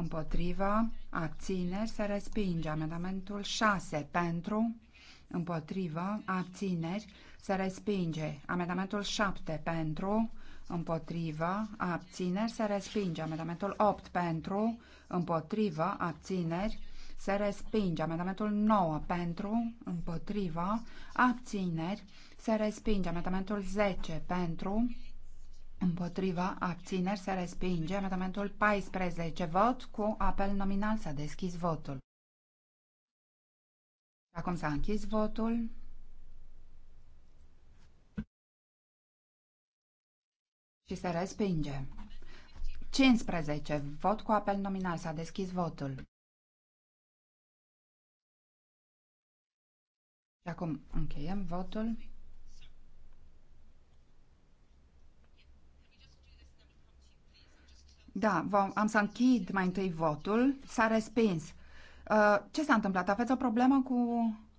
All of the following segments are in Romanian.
împotriva, abțineri, se respinge. Amendamentul 6 pentru, împotriva, abțineri, se respinge. Amendamentul 7 pentru, împotriva, abțineri, se respinge. Amendamentul 8 pentru, împotriva, abțineri, se respinge. Amendamentul 9 pentru, împotriva, abțineri, se respinge. Amendamentul 10 pentru, Împotriva abțineri se respinge amendamentul 14. Vot cu apel nominal s-a deschis votul. Acum s-a închis votul. Și se respinge. 15. Vot cu apel nominal s-a deschis votul. Și acum încheiem votul Da, am să închid mai întâi votul. S-a respins. Uh, ce s-a întâmplat? Aveți o problemă cu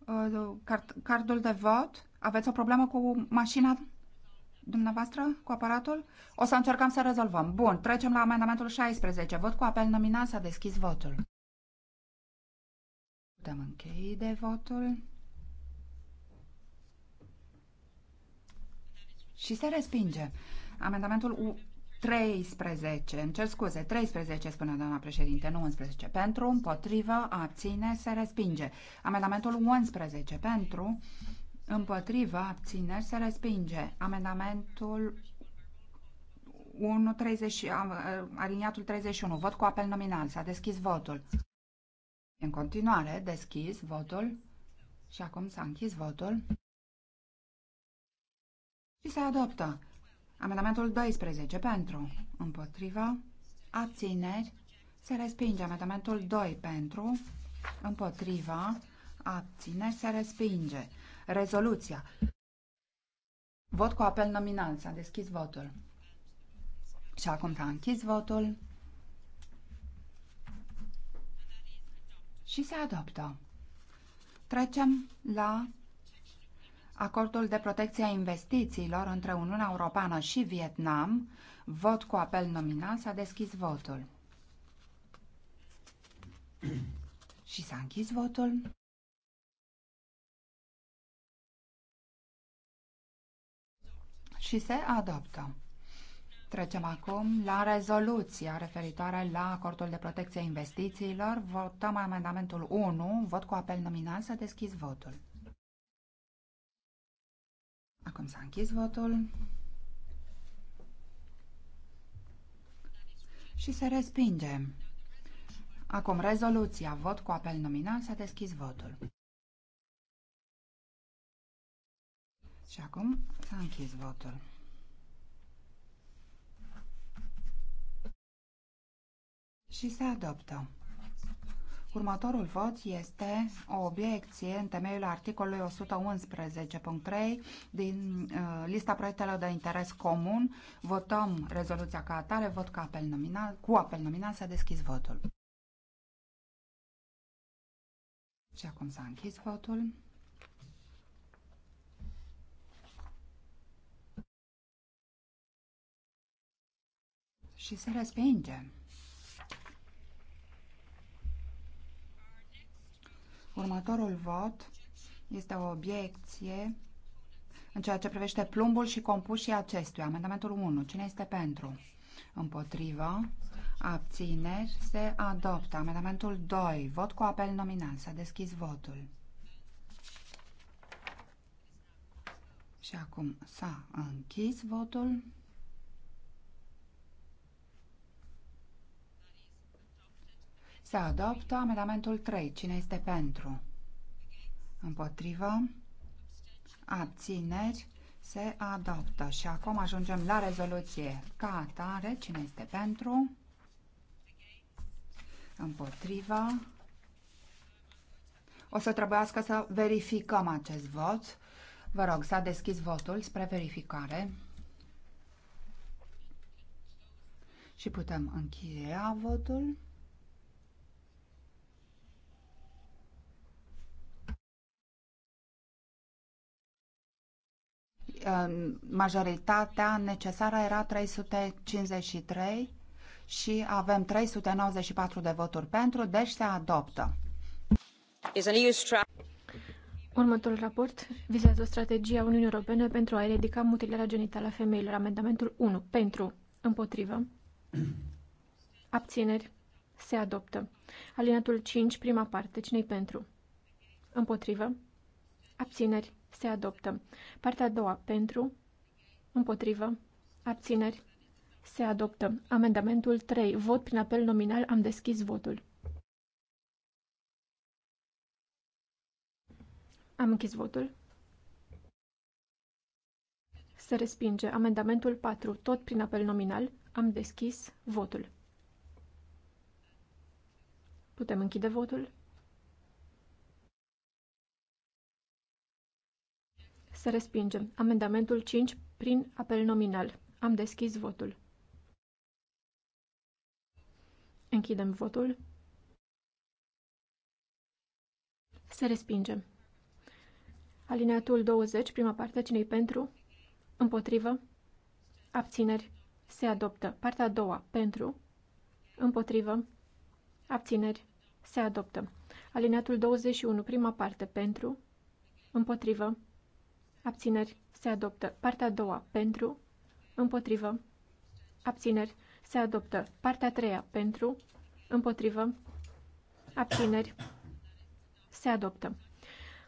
uh, card, cardul de vot? Aveți o problemă cu mașina dumneavoastră, cu aparatul? O să încercăm să rezolvăm. Bun, trecem la amendamentul 16. Vot cu apel nominal s-a deschis votul. Putem de votul. Și se respinge. Amendamentul 13, îmi cer scuze, 13 spune doamna președinte, nu 11. Pentru, împotrivă, abține, se respinge. Amendamentul 11 pentru, împotrivă, abține, se respinge. Amendamentul 1, 30, aliniatul 31, vot cu apel nominal, s-a deschis votul. În continuare, deschis votul și acum s-a închis votul și se adoptă. Amendamentul 12 pentru, împotriva, abțineri, se respinge. Amendamentul 2 pentru, împotriva, abțineri, se respinge. Rezoluția. Vot cu apel nominal. S-a deschis votul. Și acum s-a închis votul. Și se adoptă. Trecem la acordul de protecție a investițiilor între Uniunea Europeană și Vietnam, vot cu apel nominal, s-a deschis votul. și s-a închis votul. Și se adoptă. Trecem acum la rezoluția referitoare la acordul de protecție a investițiilor. Votăm amendamentul 1, vot cu apel nominal, să deschis votul. Acum s-a închis votul. Și se respinge. Acum rezoluția. Vot cu apel nominal. S-a deschis votul. Și acum s-a închis votul. Și se adoptă. Următorul vot este o obiecție în temeiul articolului 111.3 din uh, lista proiectelor de interes comun. Votăm rezoluția ca atare, vot ca apel nominal, cu apel nominal s-a deschis votul. Și acum s-a închis votul. Și se respinge. Următorul vot este o obiecție în ceea ce privește plumbul și compușii acestuia. Amendamentul 1. Cine este pentru? Împotrivă. Abțineri. Se adoptă. Amendamentul 2. Vot cu apel nominal. S-a deschis votul. Și acum s-a închis votul. Se adoptă amendamentul 3. Cine este pentru? Împotrivă. Abțineri. Se adoptă. Și acum ajungem la rezoluție. Ca atare, cine este pentru? Împotrivă. O să trebuiască să verificăm acest vot. Vă rog, s-a deschis votul spre verificare. Și putem încheia votul. Um, majoritatea necesară era 353 și avem 394 de voturi pentru, deci se adoptă. Următorul raport vizează o strategie a Uniunii Europene pentru a eradica mutilarea genitală a femeilor. Amendamentul 1. Pentru. Împotrivă. Abțineri. Se adoptă. Alinatul 5, prima parte. cine pentru? Împotrivă. Abțineri. Se adoptă. Partea a doua. Pentru. Împotrivă. Abțineri. Se adoptă. Amendamentul 3. Vot prin apel nominal. Am deschis votul. Am închis votul. Se respinge. Amendamentul 4. Tot prin apel nominal. Am deschis votul. Putem închide votul. Se respinge. Amendamentul 5 prin apel nominal. Am deschis votul. Închidem votul. Se respinge. Alineatul 20, prima parte, cine pentru? Împotrivă. Abțineri. Se adoptă. Partea a doua, pentru. Împotrivă. Abțineri. Se adoptă. Alineatul 21, prima parte, pentru. Împotrivă. Abțineri. Se adoptă. Partea a doua. Pentru. Împotrivă. Abțineri. Se adoptă. Partea a treia. Pentru. Împotrivă. Abțineri. Se adoptă.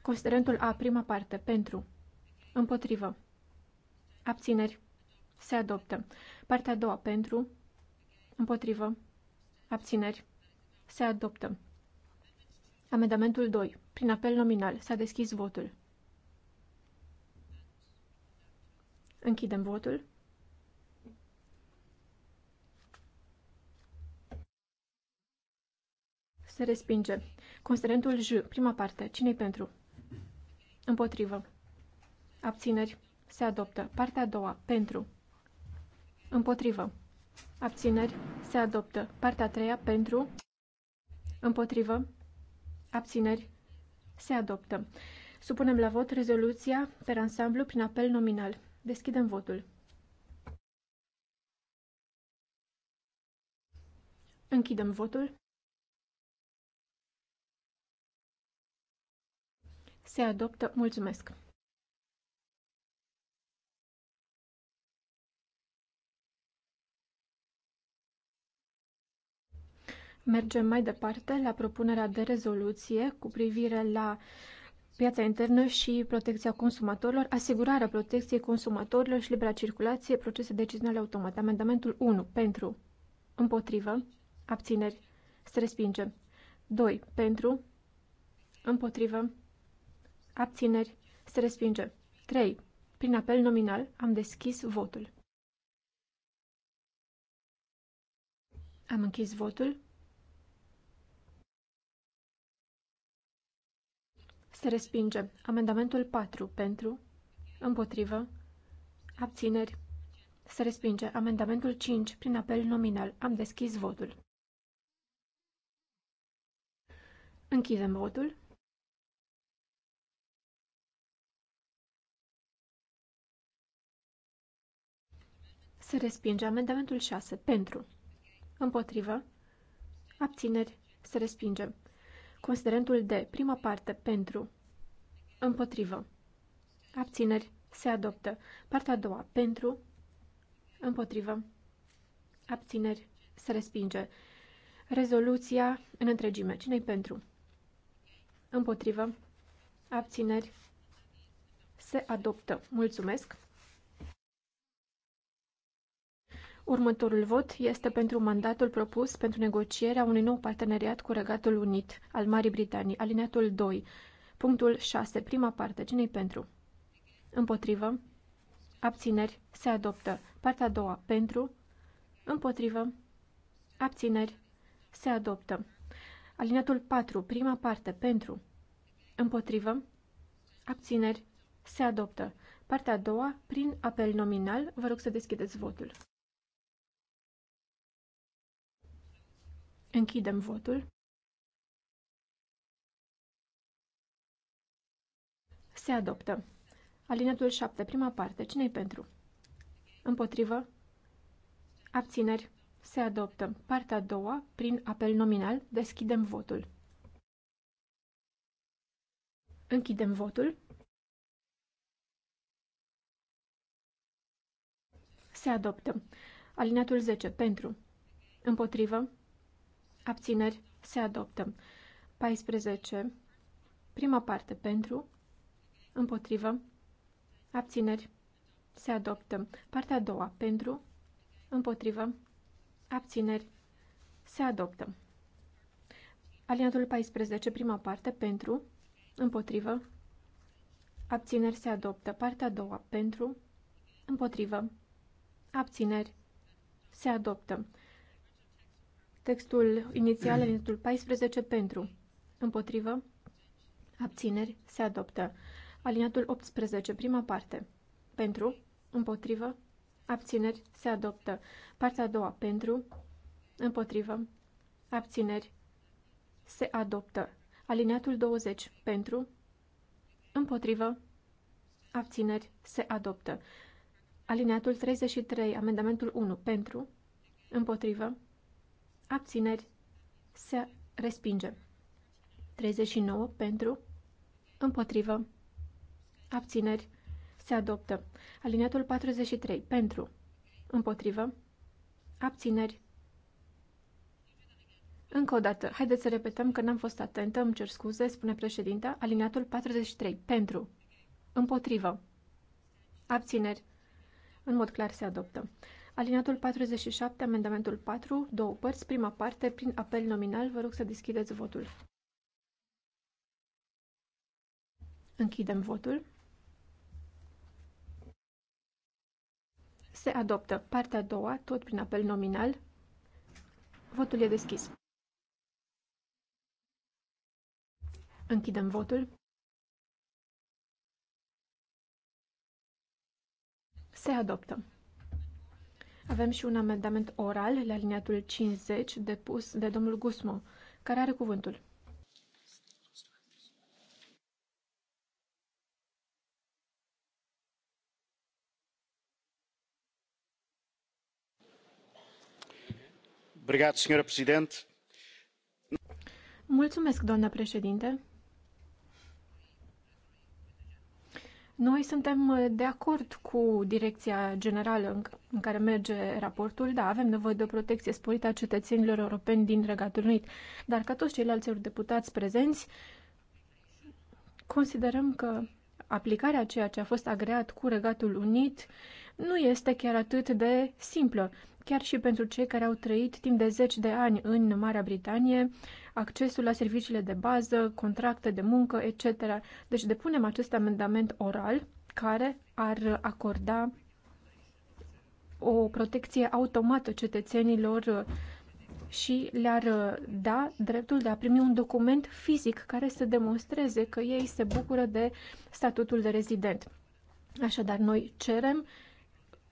Considerentul A, prima parte. Pentru. Împotrivă. Abțineri. Se adoptă. Partea a doua. Pentru. Împotrivă. Abțineri. Se adoptă. Amendamentul 2. Prin apel nominal s-a deschis votul. Închidem votul. Se respinge. Considerentul J, prima parte. cine pentru? Împotrivă. Abțineri. Se adoptă. Partea a doua. Pentru. Împotrivă. Abțineri. Se adoptă. Partea a treia. Pentru. Împotrivă. Abțineri. Se adoptă. Supunem la vot rezoluția per ansamblu prin apel nominal. Deschidem votul. Închidem votul. Se adoptă. Mulțumesc! Mergem mai departe la propunerea de rezoluție cu privire la piața internă și protecția consumatorilor, asigurarea protecției consumatorilor și libera circulație, procese decizionale automate. Amendamentul 1. Pentru. Împotrivă. Abțineri. Se respinge. 2. Pentru. Împotrivă. Abțineri. Se respinge. 3. Prin apel nominal am deschis votul. Am închis votul. Se respinge. Amendamentul 4 pentru, împotrivă, abțineri. Se respinge. Amendamentul 5 prin apel nominal. Am deschis votul. Închidem votul. Se respinge amendamentul 6 pentru. Împotrivă. Abțineri. Se respinge. Considerentul D. Prima parte pentru. Împotrivă. Abțineri. Se adoptă. Partea a doua. Pentru. Împotrivă. Abțineri. Se respinge. Rezoluția în întregime. Cine-i pentru? Împotrivă. Abțineri. Se adoptă. Mulțumesc. Următorul vot este pentru mandatul propus pentru negocierea unui nou parteneriat cu Regatul Unit al Marii Britanii, alineatul 2. Punctul 6, prima parte. Cine-i pentru? Împotrivă. Abțineri. Se adoptă. Partea a doua. Pentru. Împotrivă. Abțineri. Se adoptă. Alineatul 4, prima parte. Pentru. Împotrivă. Abțineri. Se adoptă. Partea a doua, prin apel nominal, vă rog să deschideți votul. Închidem votul. se adoptă. Alinatul 7, prima parte. Cine-i pentru? Împotrivă? Abțineri. Se adoptă. Partea a doua, prin apel nominal, deschidem votul. Închidem votul. Se adoptă. Alineatul 10. Pentru. Împotrivă. Abțineri. Se adoptă. 14. Prima parte. Pentru. Împotrivă. Abțineri. Se adoptă. Partea a doua. Pentru. Împotrivă. Abțineri. Se adoptă. Aliantul 14, prima parte, pentru, împotrivă, abțineri se adoptă. Partea a doua, pentru, împotrivă, abțineri se adoptă. Textul inițial, aliantul 14, pentru, împotrivă, abțineri se adoptă. Aliniatul 18, prima parte. Pentru, împotrivă, abțineri, se adoptă. Partea a doua, pentru, împotrivă, abțineri, se adoptă. Aliniatul 20, pentru, împotrivă, abțineri, se adoptă. Alineatul 33, amendamentul 1, pentru, împotrivă, abțineri, se respinge. 39, pentru, împotrivă, Abțineri. Se adoptă. Alineatul 43. Pentru. Împotrivă. Abțineri. Încă o dată. Haideți să repetăm că n-am fost atentă. Îmi cer scuze, spune președinta. Alineatul 43. Pentru. Împotrivă. Abțineri. În mod clar se adoptă. Alineatul 47, amendamentul 4, două părți, prima parte, prin apel nominal, vă rog să deschideți votul. Închidem votul. Se adoptă. Partea a doua, tot prin apel nominal. Votul e deschis. Închidem votul. Se adoptă. Avem și un amendament oral la liniatul 50 depus de domnul Gusmo, care are cuvântul. Mulțumesc, doamnă președinte. Noi suntem de acord cu direcția generală în care merge raportul. Da, avem nevoie de o protecție sporită a cetățenilor europeni din Regatul Unit, dar ca toți ceilalți deputați prezenți, considerăm că aplicarea a ceea ce a fost agreat cu Regatul Unit nu este chiar atât de simplă. Chiar și pentru cei care au trăit timp de zeci de ani în Marea Britanie, accesul la serviciile de bază, contracte de muncă, etc. Deci depunem acest amendament oral care ar acorda o protecție automată cetățenilor și le-ar da dreptul de a primi un document fizic care să demonstreze că ei se bucură de statutul de rezident. Așadar, noi cerem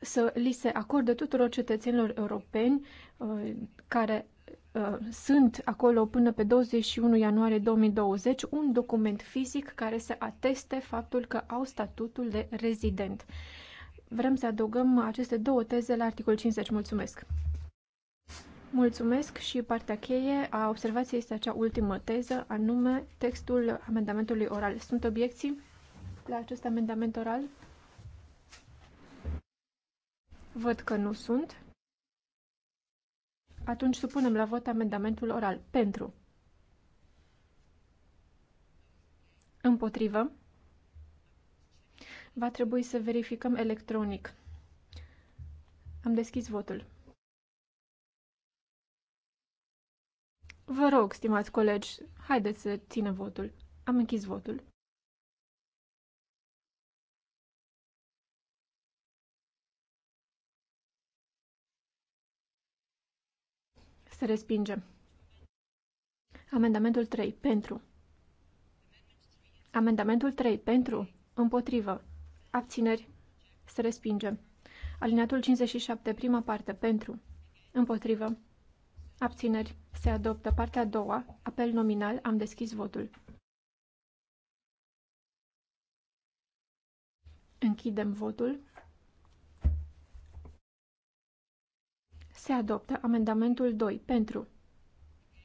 să li se acorde tuturor cetățenilor europeni uh, care uh, sunt acolo până pe 21 ianuarie 2020 un document fizic care să ateste faptul că au statutul de rezident. Vrem să adăugăm aceste două teze la articolul 50. Mulțumesc! Mulțumesc și partea cheie a observației este acea ultimă teză, anume textul amendamentului oral. Sunt obiecții la acest amendament oral? Văd că nu sunt. Atunci supunem la vot amendamentul oral. Pentru. Împotrivă. Va trebui să verificăm electronic. Am deschis votul. Vă rog, stimați colegi, haideți să ținem votul. Am închis votul. Se respinge. Amendamentul 3. Pentru. Amendamentul 3. Pentru. Împotrivă. Abțineri. Se respinge. Alineatul 57. Prima parte. Pentru. Împotrivă. Abțineri. Se adoptă. Partea a doua. Apel nominal. Am deschis votul. Închidem votul. Se adoptă amendamentul 2 pentru.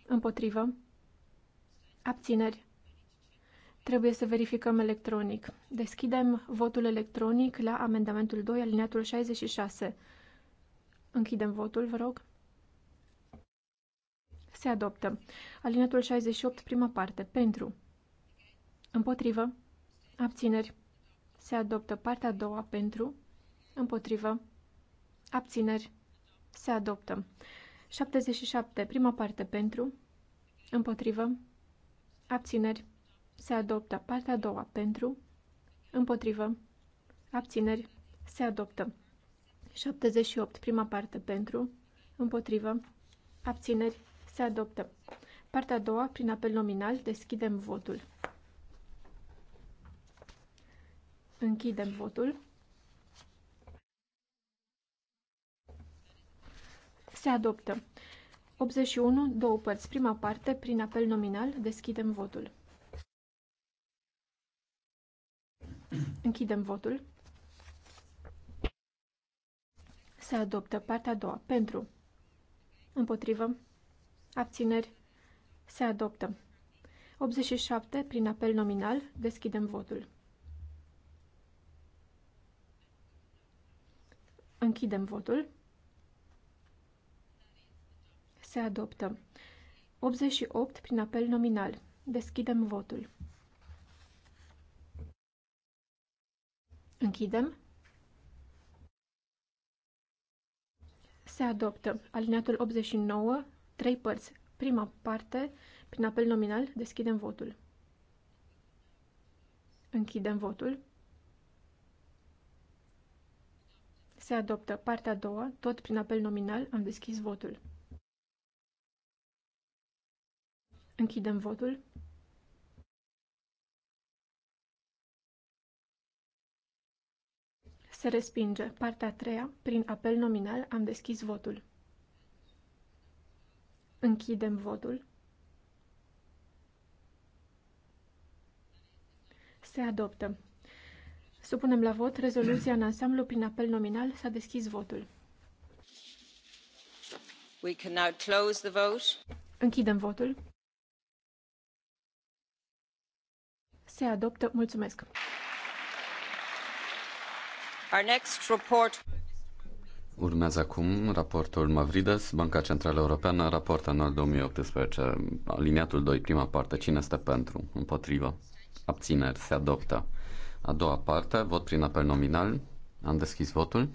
Împotrivă. Abțineri. Trebuie să verificăm electronic. Deschidem votul electronic la amendamentul 2, alineatul 66. Închidem votul, vă rog. Se adoptă. Alineatul 68, prima parte. Pentru. Împotrivă. Abțineri. Se adoptă partea a doua pentru. Împotrivă. Abțineri. Se adoptă. 77. Prima parte pentru. Împotrivă. Abțineri. Se adoptă. Partea a doua pentru. Împotrivă. Abțineri. Se adoptă. 78. Prima parte pentru. Împotrivă. Abțineri. Se adoptă. Partea a doua, prin apel nominal, deschidem votul. Închidem votul. Se adoptă. 81, două părți. Prima parte, prin apel nominal, deschidem votul. Închidem votul. Se adoptă partea a doua. Pentru. Împotrivă. Abțineri. Se adoptă. 87. Prin apel nominal. Deschidem votul. Închidem votul. Se adoptă. 88 prin apel nominal. Deschidem votul. Închidem. Se adoptă. Alineatul 89, trei părți. Prima parte, prin apel nominal, deschidem votul. Închidem votul. Se adoptă partea a doua, tot prin apel nominal, am deschis votul. Închidem votul. Se respinge. Partea a treia, prin apel nominal, am deschis votul. Închidem votul. Se adoptă. Supunem la vot rezoluția în ansamblu prin apel nominal. S-a deschis votul. We can now close the vote. Închidem votul. se adoptă. Mulțumesc! Our next report... Urmează acum raportul Mavrides, Banca Centrală Europeană, raport anual 2018, aliniatul 2, prima parte, cine este pentru, împotrivă, abțineri, se adoptă. A doua parte, vot prin apel nominal, am deschis votul.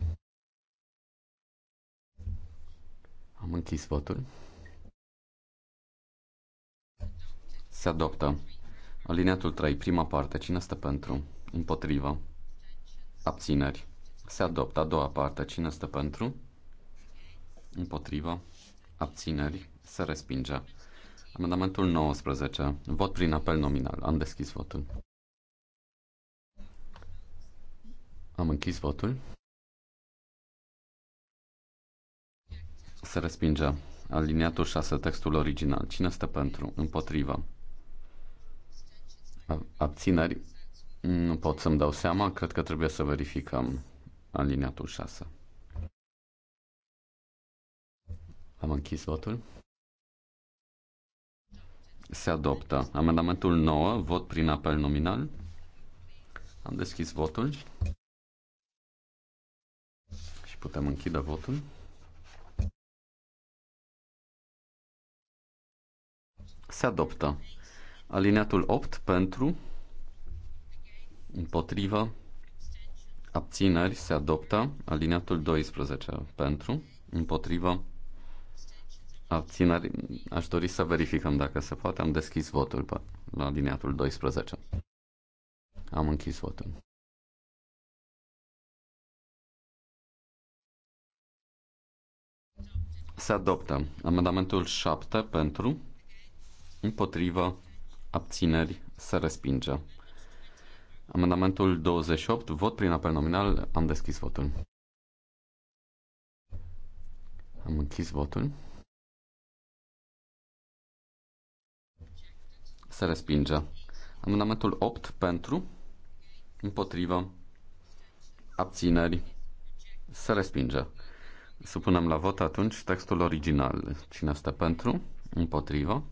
Am închis votul. Se adoptă. Alineatul 3, prima parte. Cine stă pentru? Împotrivă. Abțineri. Se adoptă a doua parte. Cine stă pentru? Împotrivă. Abțineri. Se respinge. Amendamentul 19. Vot prin apel nominal. Am deschis votul. Am închis votul. Se respinge. Aliniatul 6, textul original. Cine stă pentru? Împotrivă. Abțineri? Nu pot să-mi dau seama, cred că trebuie să verificăm aliniatul 6. Am închis votul. Se adoptă. Amendamentul 9, vot prin apel nominal. Am deschis votul și putem închide votul. Se adoptă. Alineatul 8 pentru, împotriva, abțineri se adoptă. Alineatul 12 pentru, împotriva, abțineri. Aș dori să verificăm dacă se poate. Am deschis votul pe, la alineatul 12. Am închis votul. Se adoptă amendamentul 7 pentru, împotriva, abțineri, se respinge. Amendamentul 28, vot prin apel nominal, am deschis votul. Am închis votul. Se respinge. Amendamentul 8 pentru, împotrivă, abțineri, se respinge. Supunem la vot atunci textul original. Cine este pentru, împotrivă,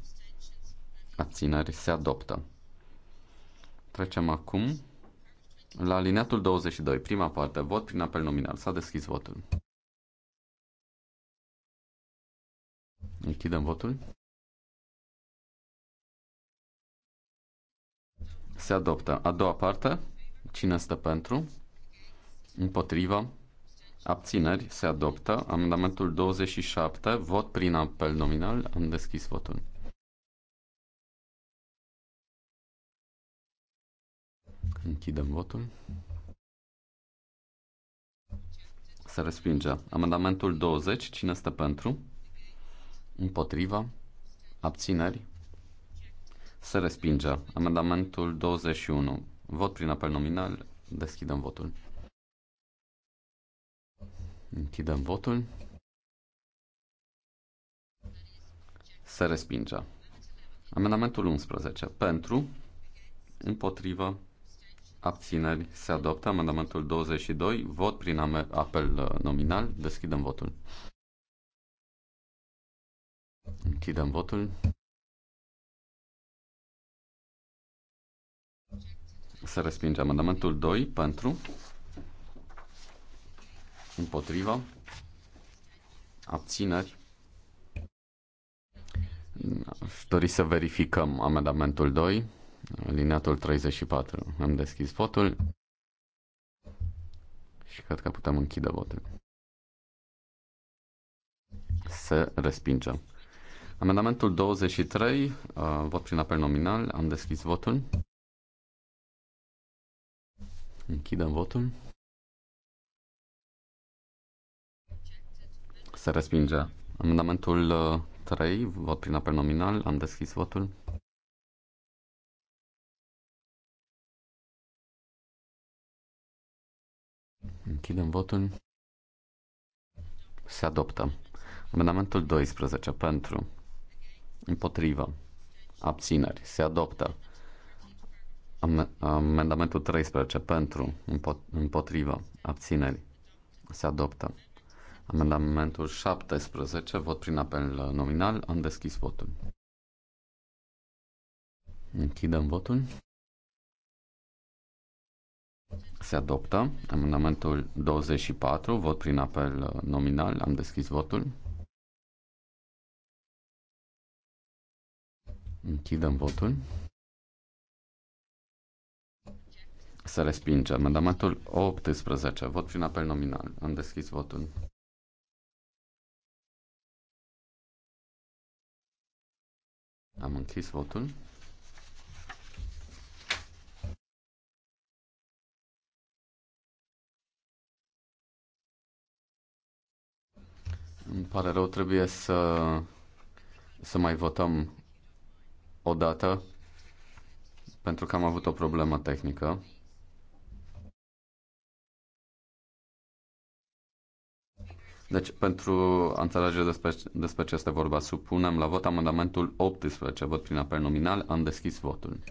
abțineri, se adoptă. Trecem acum la alineatul 22, prima parte, vot prin apel nominal. S-a deschis votul. Închidem votul. Se adoptă. A doua parte, cine stă pentru? Împotrivă? Abțineri? Se adoptă. Amendamentul 27, vot prin apel nominal. Am deschis votul. Închidem votul. Se respinge. Amendamentul 20. Cine stă pentru? Împotriva? Abțineri? Se respinge. Amendamentul 21. Vot prin apel nominal. Deschidem votul. Închidem votul. Se respinge. Amendamentul 11. Pentru, împotrivă, abțineri se adoptă. Amendamentul 22, vot prin apel uh, nominal. Deschidem votul. Închidem votul. Se respinge amendamentul 2 pentru, împotriva, abțineri. Aș dori să verificăm amendamentul 2. Alineatul 34. Am deschis votul și cred că putem închide votul. Se respinge. Amendamentul 23, uh, vot prin apel nominal, am deschis votul. Închidem votul. Se respinge. Amendamentul 3, uh, vot prin apel nominal, am deschis votul. Închidem votul. Se adoptă. Amendamentul 12 pentru. Împotrivă. Abțineri. Se adoptă. Am- amendamentul 13 pentru. împotrivă. Abțineri. Se adoptă. Amendamentul 17. Vot prin apel nominal. Am deschis votul. Închidem votul. Se adoptă amendamentul 24, vot prin apel uh, nominal. Am deschis votul. Închidem votul. Se respinge amendamentul 18, vot prin apel nominal. Am deschis votul. Am închis votul. Îmi pare rău, trebuie să, să mai votăm o dată pentru că am avut o problemă tehnică. Deci, pentru a înțelege despre, despre ce este vorba, supunem la vot amendamentul 18, vot prin apel nominal, am deschis votul.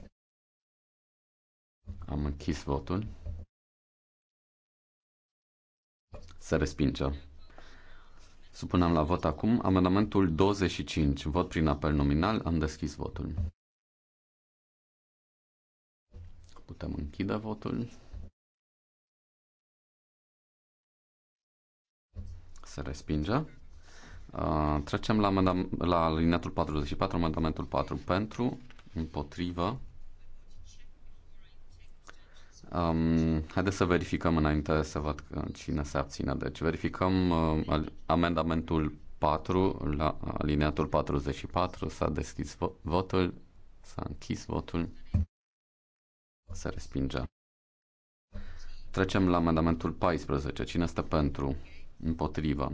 Am închis votul. Se respinge. Supunem la vot acum amendamentul 25. Vot prin apel nominal. Am deschis votul. Putem închide votul. Se respinge. Uh, trecem la, la alineatul 44, amendamentul 4 pentru, împotrivă, Um, haideți să verificăm înainte să văd cine se abține. Deci verificăm uh, amendamentul 4 la alineatul 44. S-a deschis vo- votul, s-a închis votul, se respinge. Trecem la amendamentul 14. Cine este pentru? Împotrivă.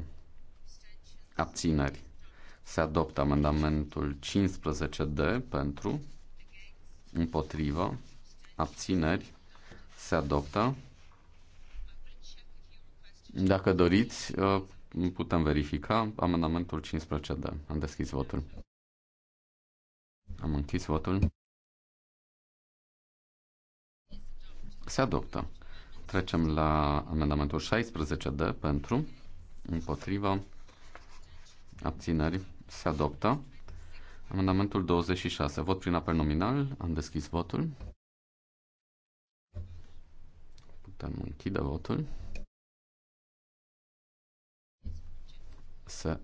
Abțineri. Se adoptă amendamentul 15D pentru, împotrivă, abțineri se adoptă. Dacă doriți, uh, putem verifica amendamentul 15D. Am deschis votul. Am închis votul. Se adoptă. Trecem la amendamentul 16D pentru, împotriva, abțineri. Se adoptă. Amendamentul 26. Vot prin apel nominal. Am deschis votul. Putem închide votul. Se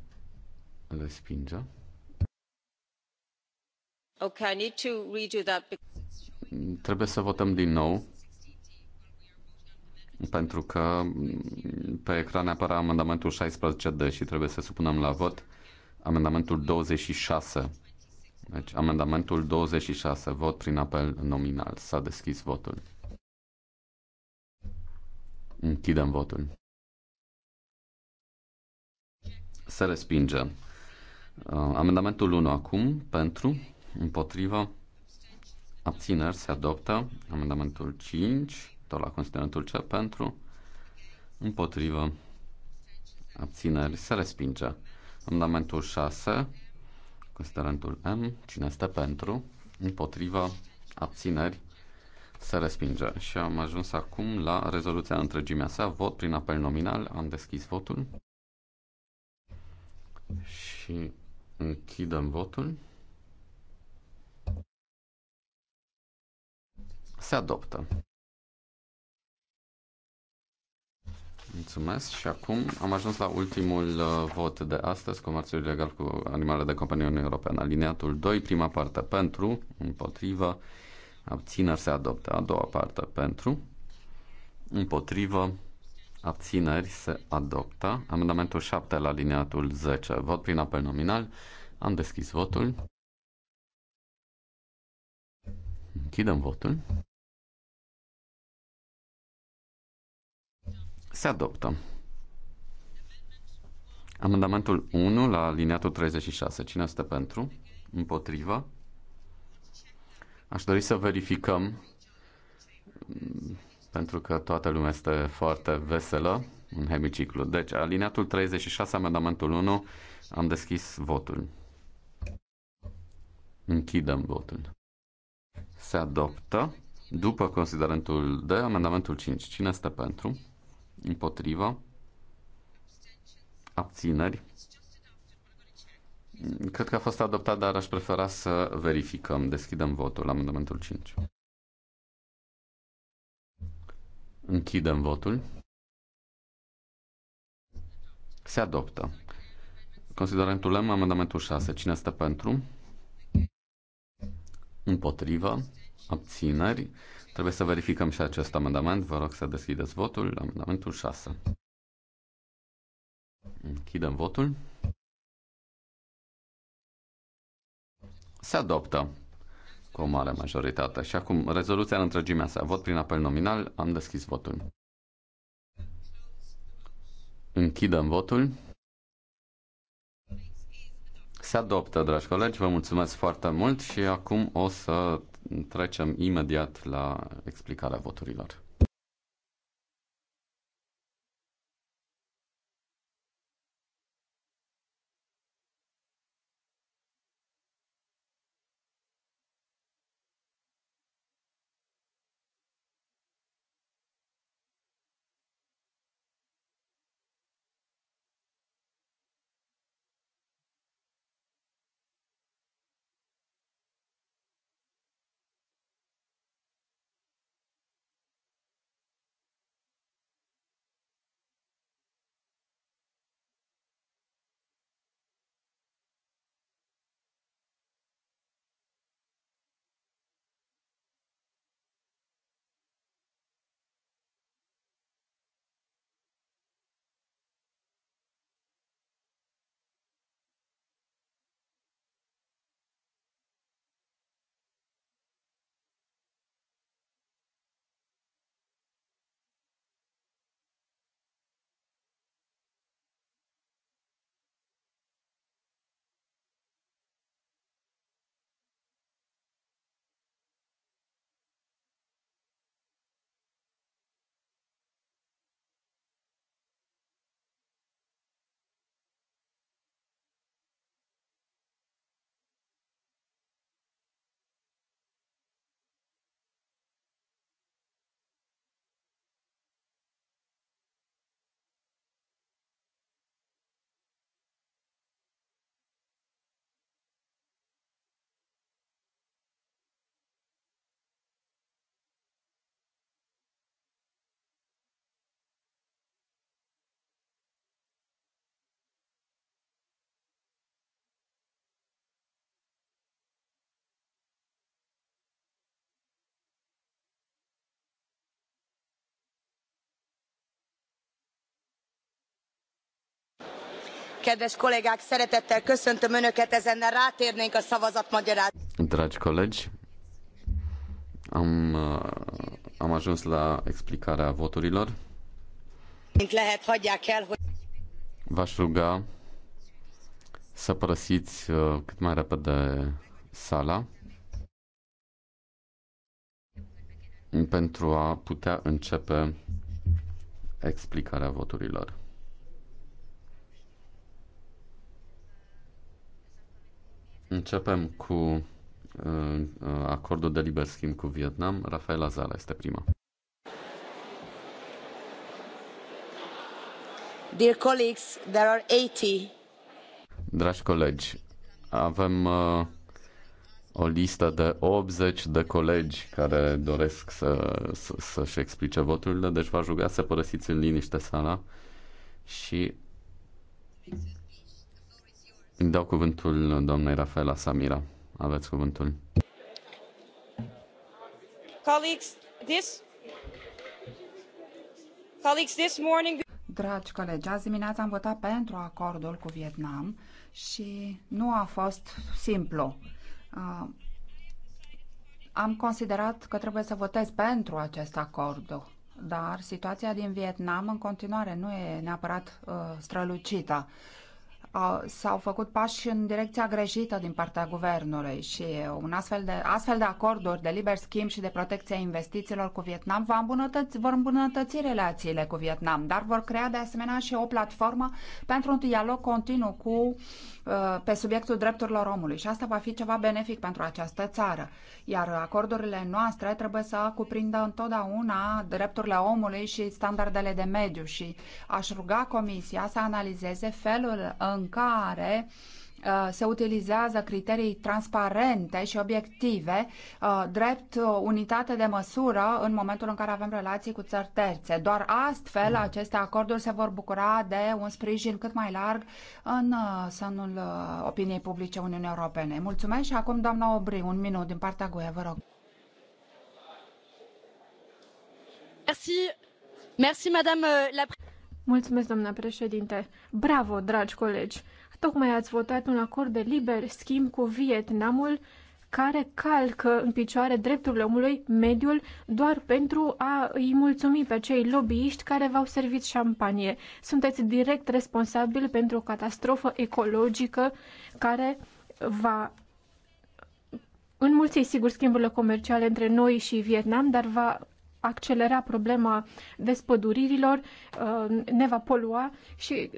respinge. Okay, I need to redo that because... Trebuie să votăm din nou pentru că pe ecran apare amendamentul 16D și trebuie să supunem la vot amendamentul 26. Deci amendamentul 26, vot prin apel nominal. S-a deschis votul. Închidem votul. Se respinge. Uh, amendamentul 1 acum, pentru, împotriva, abțineri, se adoptă. Amendamentul 5, tot la considerentul C, pentru, împotriva, abțineri, se respinge. Amendamentul 6, considerentul M, cine este pentru, împotriva, abțineri, se respinge. Și am ajuns acum la rezoluția întregimea sa. Vot prin apel nominal. Am deschis votul. Și închidem votul. Se adoptă. Mulțumesc și acum am ajuns la ultimul uh, vot de astăzi, comerțul ilegal cu animale de companie Uniunii Europeană. Alineatul 2, prima parte pentru, împotrivă, abțineri se adoptă. A doua parte pentru, împotrivă, abțineri se adoptă. Amendamentul 7 la liniatul 10, vot prin apel nominal. Am deschis votul. Închidem votul. Se adoptă. Amendamentul 1 la liniatul 36. Cine este pentru? Împotrivă? Aș dori să verificăm, pentru că toată lumea este foarte veselă în hemiciclu. Deci, alineatul 36, amendamentul 1, am deschis votul. Închidem votul. Se adoptă. După considerentul de amendamentul 5, cine este pentru? Împotrivă? Abțineri? Cred că a fost adoptat, dar aș prefera să verificăm. Deschidem votul la amendamentul 5. Închidem votul. Se adoptă. Considerăm tulem amendamentul 6. Cine stă pentru? Împotrivă? Abțineri? Trebuie să verificăm și acest amendament. Vă rog să deschideți votul. Amendamentul 6. Închidem votul. Se adoptă cu o mare majoritate. Și acum, rezoluția în întregimea sa. Vot prin apel nominal. Am deschis votul. Închidem votul. Se adoptă, dragi colegi, vă mulțumesc foarte mult și acum o să trecem imediat la explicarea voturilor. Kedves kollégák, szeretettel köszöntöm Önöket, ezennel rátérnénk a szavazat szavazatmagyarázat. Dragi colegi, am, uh, am ajuns la explicarea voturilor. Lehet, hagyják el, hogy... V-aș ruga să părăsiți uh, cât mai repede sala pentru a putea începe explicarea voturilor. Începem cu uh, uh, acordul de liber schimb cu Vietnam. Rafaela Zala este prima. Dear colleagues, there are 80. Dragi colegi, avem uh, o listă de 80 de colegi care doresc să, să, să-și explice voturile, deci v-aș ruga să părăsiți în liniște sala și îi dau cuvântul doamnei Rafaela Samira. Aveți cuvântul. Dragi colegi, azi dimineața am votat pentru acordul cu Vietnam și nu a fost simplu. Uh, am considerat că trebuie să votez pentru acest acord, dar situația din Vietnam în continuare nu e neapărat uh, strălucită Uh, s-au făcut pași în direcția greșită din partea guvernului și un astfel de, astfel de acorduri de liber schimb și de protecție a investițiilor cu Vietnam va îmbunătăți, vor îmbunătăți relațiile cu Vietnam, dar vor crea de asemenea și o platformă pentru un dialog continuu cu, uh, pe subiectul drepturilor omului și asta va fi ceva benefic pentru această țară. Iar acordurile noastre trebuie să cuprindă întotdeauna drepturile omului și standardele de mediu și aș ruga Comisia să analizeze felul în în care uh, se utilizează criterii transparente și obiective uh, drept uh, unitate de măsură în momentul în care avem relații cu țări terțe. Doar astfel mm. aceste acorduri se vor bucura de un sprijin cât mai larg în sânul opiniei publice Uniunii Europene. Mulțumesc și acum doamna Obri, un minut din partea GUE, vă rog. Merci. Merci, madame euh, la Mulțumesc, doamna președinte. Bravo, dragi colegi! Tocmai ați votat un acord de liber schimb cu Vietnamul care calcă în picioare drepturile omului, mediul, doar pentru a îi mulțumi pe cei lobbyiști care v-au servit șampanie. Sunteți direct responsabili pentru o catastrofă ecologică care va înmulți, sigur, schimburile comerciale între noi și Vietnam, dar va accelera problema despăduririlor, uh, ne va polua și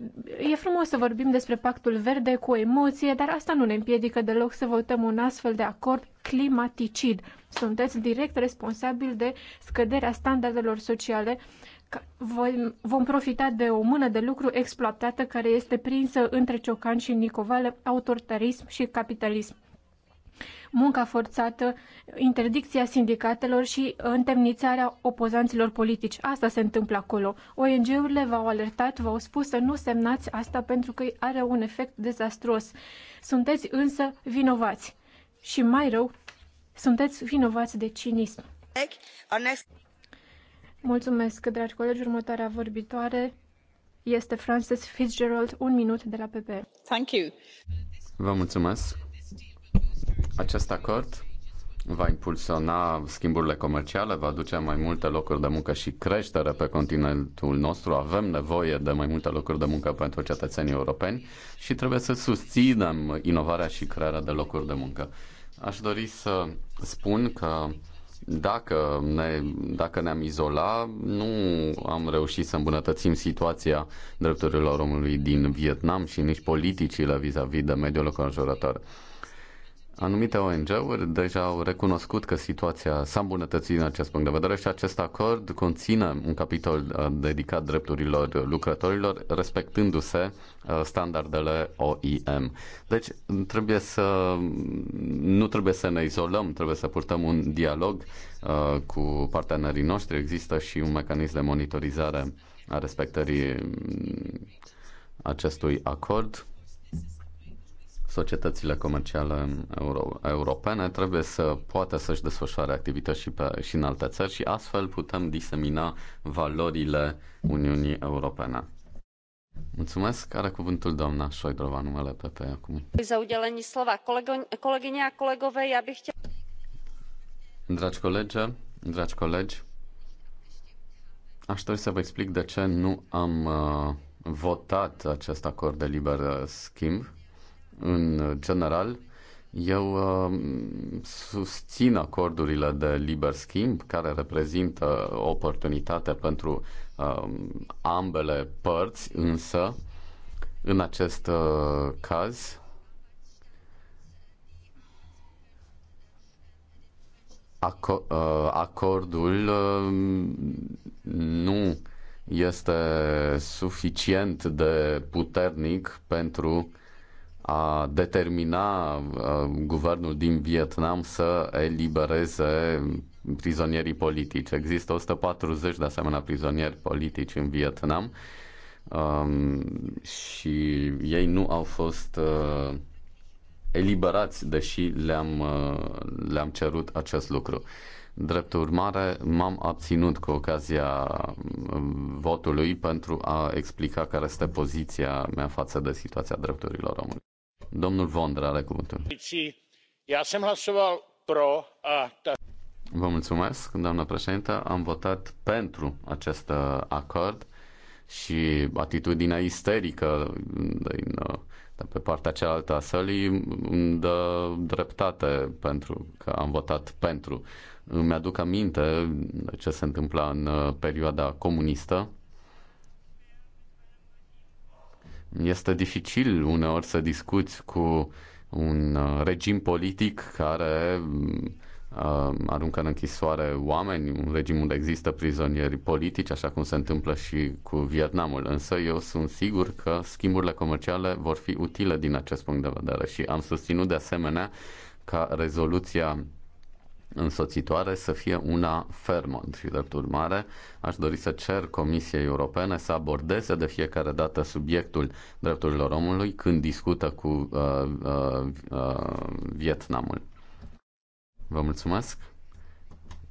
e frumos să vorbim despre pactul verde cu emoție, dar asta nu ne împiedică deloc să votăm un astfel de acord climaticid. Sunteți direct responsabil de scăderea standardelor sociale. Vom profita de o mână de lucru exploatată care este prinsă între Ciocan și Nicovale, autoritarism și capitalism munca forțată, interdicția sindicatelor și întemnițarea opozanților politici. Asta se întâmplă acolo. ONG-urile v-au alertat, v-au spus să nu semnați asta pentru că are un efect dezastruos. Sunteți însă vinovați. Și mai rău, sunteți vinovați de cinism. Mulțumesc, dragi colegi. Următoarea vorbitoare este Frances Fitzgerald, un minut de la PP. Thank you. Vă mulțumesc. Acest acord va impulsiona schimburile comerciale, va aduce mai multe locuri de muncă și creștere pe continentul nostru. Avem nevoie de mai multe locuri de muncă pentru cetățenii europeni și trebuie să susținem inovarea și crearea de locuri de muncă. Aș dori să spun că dacă, ne, dacă ne-am izolat, nu am reușit să îmbunătățim situația drepturilor omului din Vietnam și nici politicile vis-a-vis -vis de mediul înconjurător. Anumite ONG-uri deja au recunoscut că situația s-a îmbunătățit din acest punct de vedere și acest acord conține un capitol uh, dedicat drepturilor lucrătorilor, respectându-se uh, standardele OIM. Deci trebuie să, nu trebuie să ne izolăm, trebuie să purtăm un dialog uh, cu partenerii noștri. Există și un mecanism de monitorizare a respectării mm, acestui acord societățile comerciale euro- europene trebuie să poată să-și desfășoare activități și, pe, și în alte țări și astfel putem disemina valorile Uniunii Europene. Mulțumesc. Are cuvântul doamna Șoidrova, numele PP acum. Dragi colegi, dragi colegi, aș dori să vă explic de ce nu am uh, votat acest acord de liber schimb în general, eu uh, susțin acordurile de liber schimb care reprezintă oportunitatea oportunitate pentru um, ambele părți, însă în acest uh, caz uh, acordul um, nu este suficient de puternic pentru a determina uh, guvernul din Vietnam să elibereze prizonierii politici. Există 140 de asemenea prizonieri politici în Vietnam um, și ei nu au fost uh, eliberați, deși le-am, uh, le-am cerut acest lucru. Drept urmare, m-am abținut cu ocazia um, votului pentru a explica care este poziția mea față de situația drepturilor omului. Vondra doamnă președintă. Am votat pentru acest uh, acord și atitudinea isterică din, uh, de pe partea cealaltă a sălii îmi dă dreptate pentru că am votat pentru. Îmi aduc aminte ce se întâmpla în uh, perioada comunistă Este dificil uneori să discuți cu un uh, regim politic care uh, aruncă în închisoare oameni, un regim unde există prizonieri politici, așa cum se întâmplă și cu Vietnamul. Însă eu sunt sigur că schimburile comerciale vor fi utile din acest punct de vedere și am susținut de asemenea ca rezoluția însoțitoare să fie una fermă. Și drept urmare, aș dori să cer Comisiei Europene să abordeze de fiecare dată subiectul drepturilor omului când discută cu uh, uh, uh, Vietnamul. Vă mulțumesc.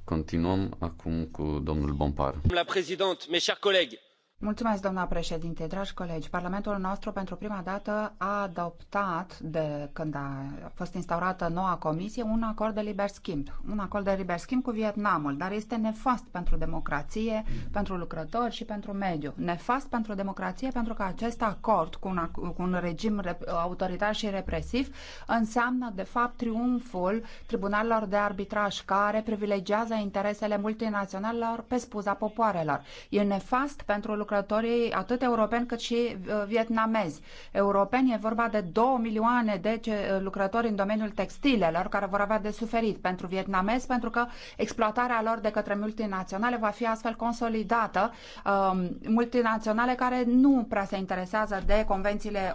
Continuăm acum cu domnul Bompar. La președinte, mes chers collègues, Mulțumesc, doamna președinte, dragi colegi. Parlamentul nostru pentru prima dată a adoptat, de când a fost instaurată noua comisie, un acord de liber schimb. Un acord de liber schimb cu Vietnamul, dar este nefast pentru democrație, pentru lucrători și pentru mediu. Nefast pentru democrație pentru că acest acord cu un, cu un regim autoritar și represiv înseamnă, de fapt, triumful tribunalelor de arbitraj care privilegiază interesele multinaționalelor pe spuza popoarelor. E nefast pentru lucrători lucrătorii atât europeni cât și uh, vietnamezi. Europeni e vorba de 2 milioane de uh, lucrători în domeniul textilelor care vor avea de suferit pentru vietnamezi pentru că exploatarea lor de către multinaționale va fi astfel consolidată. Um, multinaționale care nu prea se interesează de convențiile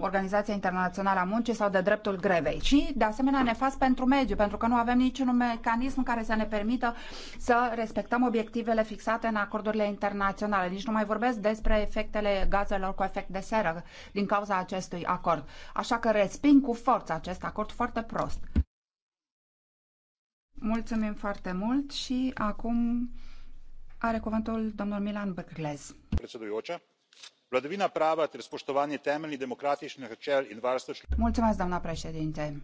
Organizației Internaționale a Muncii sau de dreptul grevei. Și, de asemenea, nefast pentru mediu, pentru că nu avem niciun mecanism care să ne permită să respectăm obiectivele fixate în acordurile internaționale. Nici nu mai vorbesc despre efectele gazelor cu efect de seră din cauza acestui acord. Așa că resping cu forță acest acord foarte prost. Mulțumim foarte mult și acum are cuvântul domnul Milan Brglez. Vladavina prava ter spoštovanje temeljnih demokratičnih načel in Mulțumesc, doamna președinte.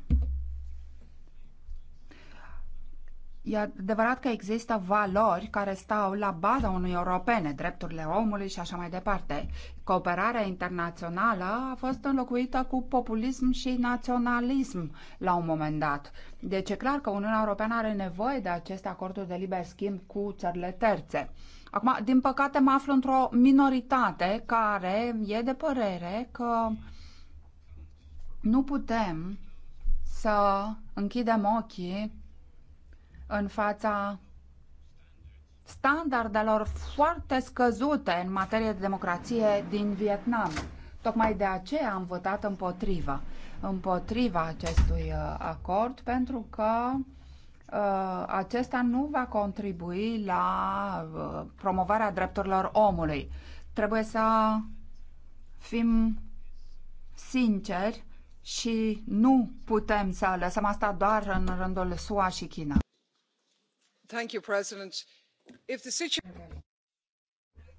E adevărat că există valori care stau la baza unui europene, drepturile omului și așa mai departe. Cooperarea internațională a fost înlocuită cu populism și naționalism la un moment dat. Deci e clar că Uniunea Europeană are nevoie de aceste acorduri de liber schimb cu țările terțe. Acum, din păcate, mă aflu într-o minoritate care e de părere că nu putem să închidem ochii în fața standardelor foarte scăzute în materie de democrație din Vietnam. Tocmai de aceea am votat împotriva, împotriva acestui uh, acord, pentru că uh, acesta nu va contribui la uh, promovarea drepturilor omului. Trebuie să fim sinceri și nu putem să lăsăm asta doar în rândul SUA și China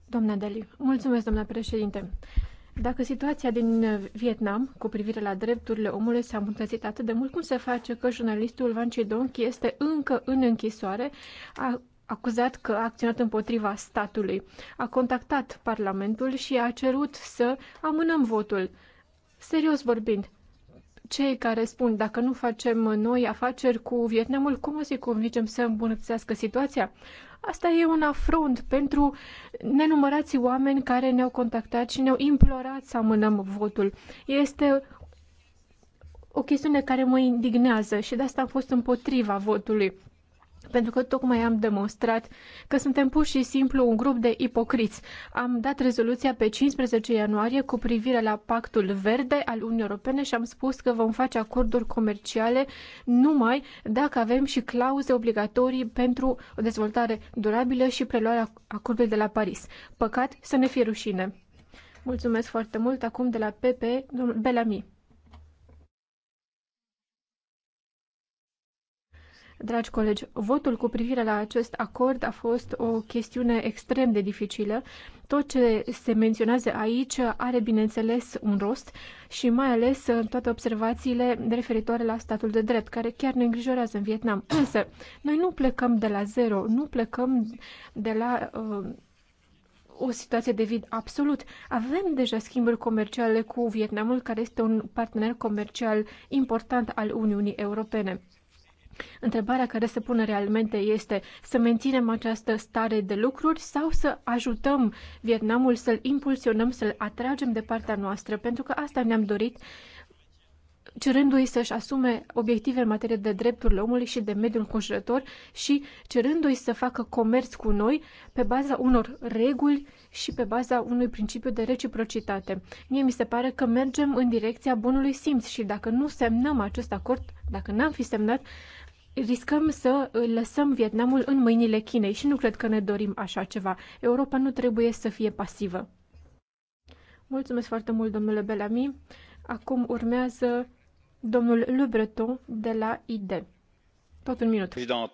domnule președinte. dacă situația din uh, Vietnam cu privire la drepturile omului s-a îmbunătățit atât de mult, cum se face că jurnalistul Van Chidonki este încă în închisoare, a acuzat că a acționat împotriva statului, a contactat Parlamentul și a cerut să amânăm votul. Serios vorbind, cei care spun dacă nu facem noi afaceri cu Vietnamul, cum o să-i convingem să îmbunătățească situația? Asta e un afront pentru nenumărați oameni care ne-au contactat și ne-au implorat să amânăm votul. Este o chestiune care mă indignează și de asta am fost împotriva votului pentru că tocmai am demonstrat că suntem pur și simplu un grup de ipocriți. Am dat rezoluția pe 15 ianuarie cu privire la pactul verde al Uniunii Europene și am spus că vom face acorduri comerciale numai dacă avem și clauze obligatorii pentru o dezvoltare durabilă și preluarea acordului de la Paris. Păcat să ne fie rușine. Mulțumesc foarte mult acum de la PP, domnul Belami. Dragi colegi, votul cu privire la acest acord a fost o chestiune extrem de dificilă. Tot ce se menționează aici are, bineînțeles, un rost și mai ales toate observațiile referitoare la statul de drept, care chiar ne îngrijorează în Vietnam. Însă, noi nu plecăm de la zero, nu plecăm de la uh, o situație de vid absolut. Avem deja schimburi comerciale cu Vietnamul, care este un partener comercial important al Uniunii Europene. Întrebarea care se pune realmente este să menținem această stare de lucruri sau să ajutăm Vietnamul să-l impulsionăm, să-l atragem de partea noastră, pentru că asta ne-am dorit cerându-i să-și asume obiective în materie de drepturile omului și de mediul înconjurător și cerându-i să facă comerț cu noi pe baza unor reguli și pe baza unui principiu de reciprocitate. Mie mi se pare că mergem în direcția bunului simț și dacă nu semnăm acest acord, dacă n-am fi semnat, riscăm să lăsăm Vietnamul în mâinile Chinei și nu cred că ne dorim așa ceva. Europa nu trebuie să fie pasivă. Mulțumesc foarte mult, domnule Bellamy. Acum urmează domnul Le Breton de la ID. Tot un minut. Evident.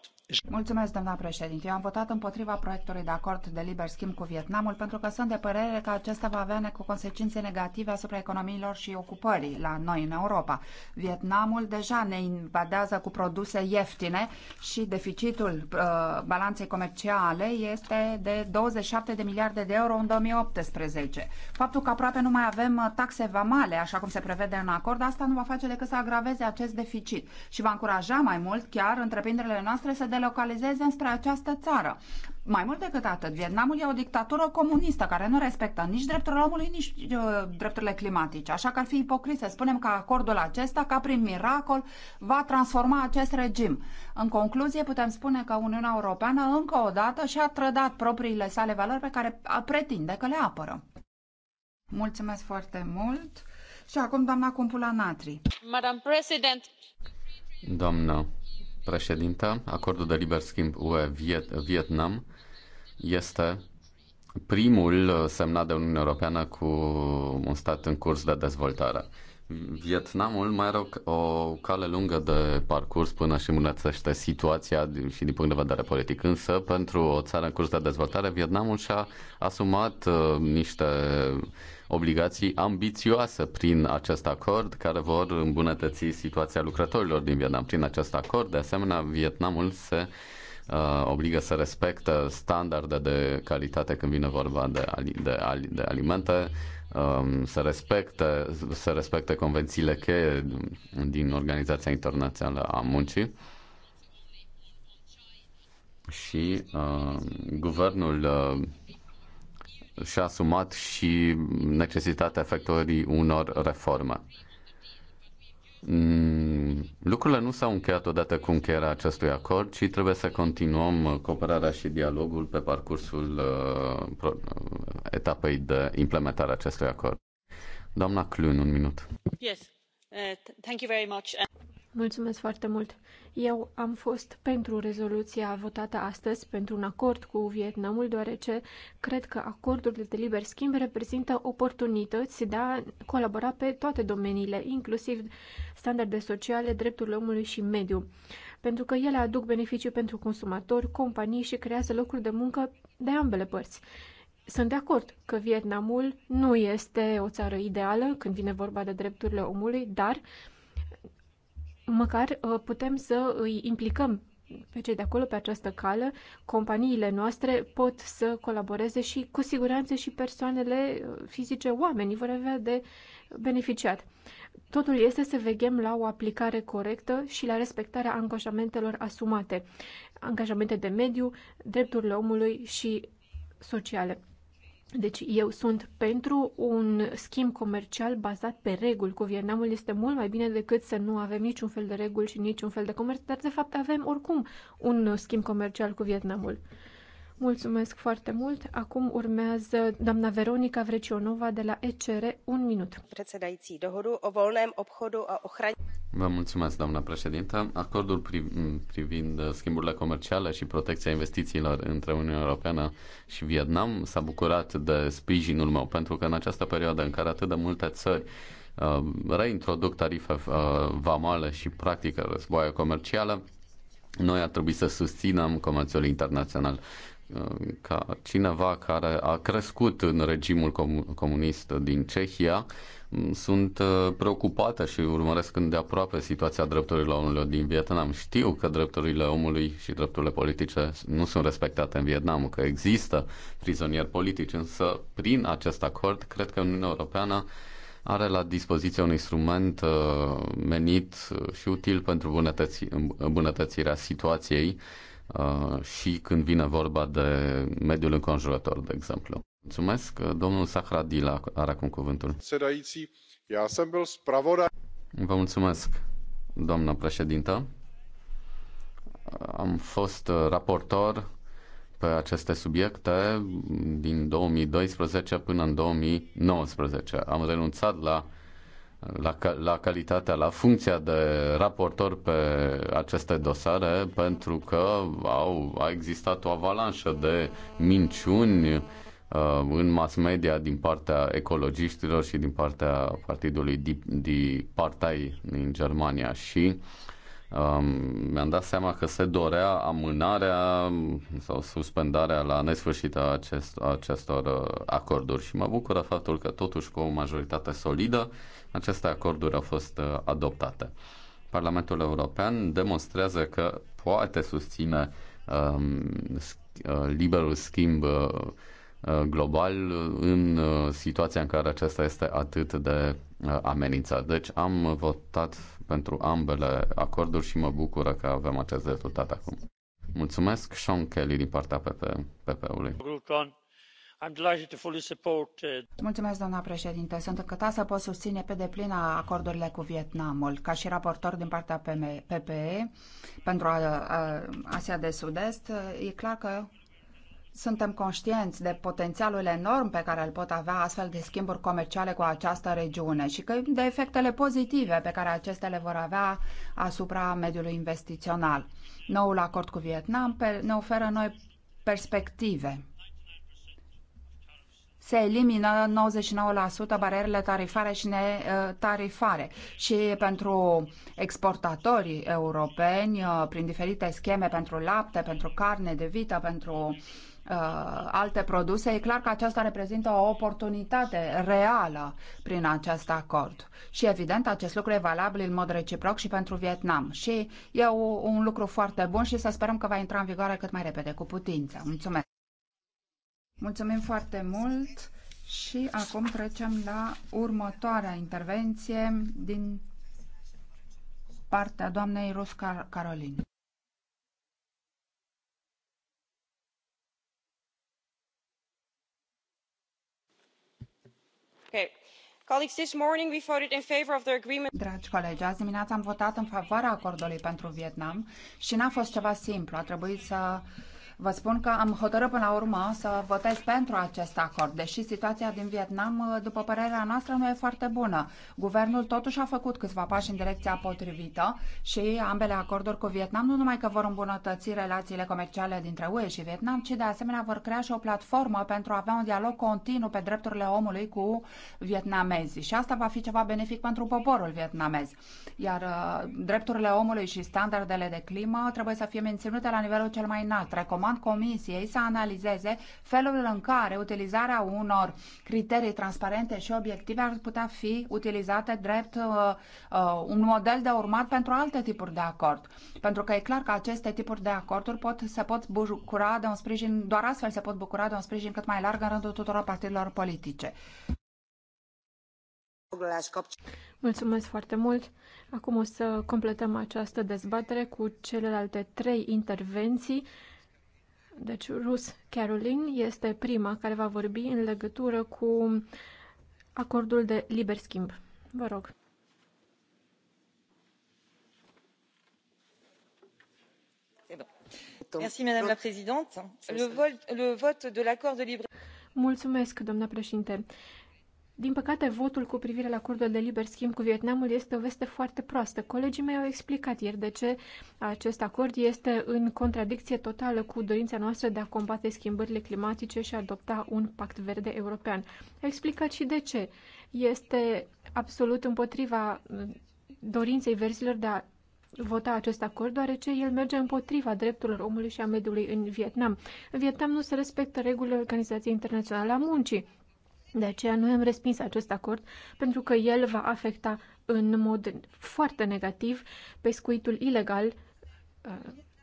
Mulțumesc, doamna președinte. Eu am votat împotriva proiectului de acord de liber schimb cu Vietnamul pentru că sunt de părere că acesta va avea cu consecințe negative asupra economiilor și ocupării la noi în Europa. Vietnamul deja ne invadează cu produse ieftine și deficitul uh, balanței comerciale este de 27 de miliarde de euro în 2018. Faptul că aproape nu mai avem uh, taxe vamale, așa cum se prevede în acord, asta nu va face decât să agraveze acest deficit și va încuraja mai mult chiar întreprinderile noastre să de localizeze înspre această țară. Mai mult decât atât, Vietnamul e o dictatură comunistă care nu respectă nici drepturile omului, nici uh, drepturile climatice. Așa că ar fi ipocrit să spunem că acordul acesta, ca prin miracol, va transforma acest regim. În concluzie, putem spune că Uniunea Europeană încă o dată și-a trădat propriile sale valori pe care pretinde că le apără. Mulțumesc foarte mult. Și acum doamna Cumpula Natri. Madam President. Doamna președintă, acordul de liber schimb UE-Vietnam este primul semnat de Uniunea Europeană cu un stat în curs de dezvoltare. Vietnamul mai are o, o cale lungă de parcurs până și îmbunătățește situația și din punct de vedere politic. Însă, pentru o țară în curs de dezvoltare, Vietnamul și-a asumat uh, niște obligații ambițioase prin acest acord care vor îmbunătăți situația lucrătorilor din Vietnam. Prin acest acord, de asemenea, Vietnamul se uh, obligă să respectă standarde de calitate când vine vorba de, ali- de, ali- de alimente, um, să, respecte, să respecte convențiile cheie din Organizația Internațională a Muncii și uh, guvernul uh, și-a asumat și necesitatea efectuării unor reforme. Mm, lucrurile nu s-au încheiat odată cu încheierea acestui acord, ci trebuie să continuăm cooperarea și dialogul pe parcursul uh, uh, etapei de implementare a acestui acord. Doamna Clun, un minut. Yes. Uh, thank you very much. Mulțumesc foarte mult. Eu am fost pentru rezoluția votată astăzi, pentru un acord cu Vietnamul, deoarece cred că acordurile de liber schimb reprezintă oportunități de a colabora pe toate domeniile, inclusiv standarde sociale, drepturile omului și mediu, pentru că ele aduc beneficii pentru consumatori, companii și creează locuri de muncă de ambele părți. Sunt de acord că Vietnamul nu este o țară ideală când vine vorba de drepturile omului, dar măcar uh, putem să îi implicăm pe cei de acolo, pe această cală, companiile noastre pot să colaboreze și cu siguranță și persoanele uh, fizice, oamenii vor avea de beneficiat. Totul este să veghem la o aplicare corectă și la respectarea angajamentelor asumate, angajamente de mediu, drepturile omului și sociale. Deci eu sunt pentru un schimb comercial bazat pe reguli cu Vietnamul. Este mult mai bine decât să nu avem niciun fel de reguli și niciun fel de comerț, dar de fapt avem oricum un schimb comercial cu Vietnamul. Mulțumesc foarte mult. Acum urmează doamna Veronica Vrecionova de la ECR. Un minut. Vă mulțumesc, doamna președintă. Acordul privind uh, schimburile comerciale și protecția investițiilor între Uniunea Europeană și Vietnam s-a bucurat de sprijinul meu, pentru că în această perioadă în care atât de multe țări uh, reintroduc tarife uh, vamale și practică războaie comercială, noi ar trebui să susținem comerțul internațional ca cineva care a crescut în regimul comunist din Cehia, sunt uh, preocupată și urmăresc îndeaproape situația drepturilor omului din Vietnam. Știu că drepturile omului și drepturile politice nu sunt respectate în Vietnam, că există prizonieri politici, însă prin acest acord cred că Uniunea Europeană are la dispoziție un instrument uh, menit uh, și util pentru îmbunătățirea situației Uh, și când vine vorba de mediul înconjurător, de exemplu. Mulțumesc. Uh, domnul Sahradil are acum cuvântul. Vă mulțumesc, doamnă președintă. Am fost uh, raportor pe aceste subiecte din 2012 până în 2019. Am renunțat la la, la calitatea, la funcția de raportor pe aceste dosare, pentru că au, a existat o avalanșă de minciuni uh, în mass media din partea ecologiștilor și din partea partidului Di, Di Partei din Germania și um, mi-am dat seama că se dorea amânarea sau suspendarea la nesfârșit a, acest, a acestor uh, acorduri și mă bucură faptul că totuși cu o majoritate solidă aceste acorduri au fost uh, adoptate. Parlamentul European demonstrează că poate susține um, uh, liberul schimb uh, global în situația în care acesta este atât de amenințat. Deci am votat pentru ambele acorduri și mă bucură că avem acest rezultat acum. Mulțumesc, Sean Kelly, din partea PP, PP-ului. Uh, Mulțumesc, doamna președinte. Sunt încântată să pot susține pe deplin acordurile cu Vietnamul. Ca și raportor din partea PPE pentru Asia de Sud-Est, e clar că suntem conștienți de potențialul enorm pe care îl pot avea astfel de schimburi comerciale cu această regiune și că de efectele pozitive pe care acestea le vor avea asupra mediului investițional. Noul acord cu Vietnam ne oferă noi perspective se elimină 99% barierele tarifare și netarifare. Eh, și pentru exportatorii europeni, eh, prin diferite scheme pentru lapte, pentru carne de vită, pentru uh, alte produse, e clar că aceasta reprezintă o oportunitate reală prin acest acord. Și evident, acest lucru e valabil în mod reciproc și pentru Vietnam. Și e un lucru foarte bun și să sperăm că va intra în vigoare cât mai repede, cu putință. Mulțumesc! Mulțumim foarte mult și acum trecem la următoarea intervenție din partea doamnei Rusca Carolin. Okay. Colleagues, this morning we voted in favor of the agreement. Dragi colegi, azi dimineața am votat în favoarea acordului pentru Vietnam și n-a fost ceva simplu. A trebuit să uh, Vă spun că am hotărât până la urmă să votez pentru acest acord, deși situația din Vietnam, după părerea noastră, nu e foarte bună. Guvernul totuși a făcut câțiva pași în direcția potrivită și ambele acorduri cu Vietnam nu numai că vor îmbunătăți relațiile comerciale dintre UE și Vietnam, ci de asemenea vor crea și o platformă pentru a avea un dialog continuu pe drepturile omului cu vietnamezii. Și asta va fi ceva benefic pentru poporul vietnamez. Iar uh, drepturile omului și standardele de climă trebuie să fie menținute la nivelul cel mai înalt. Recomand recomand Comisiei să analizeze felul în care utilizarea unor criterii transparente și obiective ar putea fi utilizate drept uh, uh, un model de urmat pentru alte tipuri de acord. Pentru că e clar că aceste tipuri de acorduri pot, se pot bucura de un sprijin, doar astfel se pot bucura de un sprijin cât mai larg în rândul tuturor partidelor politice. Mulțumesc foarte mult! Acum o să completăm această dezbatere cu celelalte trei intervenții. Deci, Rus Caroline este prima care va vorbi în legătură cu acordul de liber schimb. Vă rog. Eh Merci, madame la présidente le vote de l'accord de libre Mulțumesc, doamna președinte. Din păcate, votul cu privire la acordul de liber schimb cu Vietnamul este o veste foarte proastă. Colegii mei au explicat ieri de ce acest acord este în contradicție totală cu dorința noastră de a combate schimbările climatice și a adopta un pact verde european. Au explicat și de ce. Este absolut împotriva uh, dorinței verzilor de a vota acest acord, deoarece el merge împotriva drepturilor omului și a mediului în Vietnam. În Vietnam nu se respectă regulile Organizației Internaționale a Muncii de aceea noi am respins acest acord pentru că el va afecta în mod foarte negativ pescuitul ilegal, uh,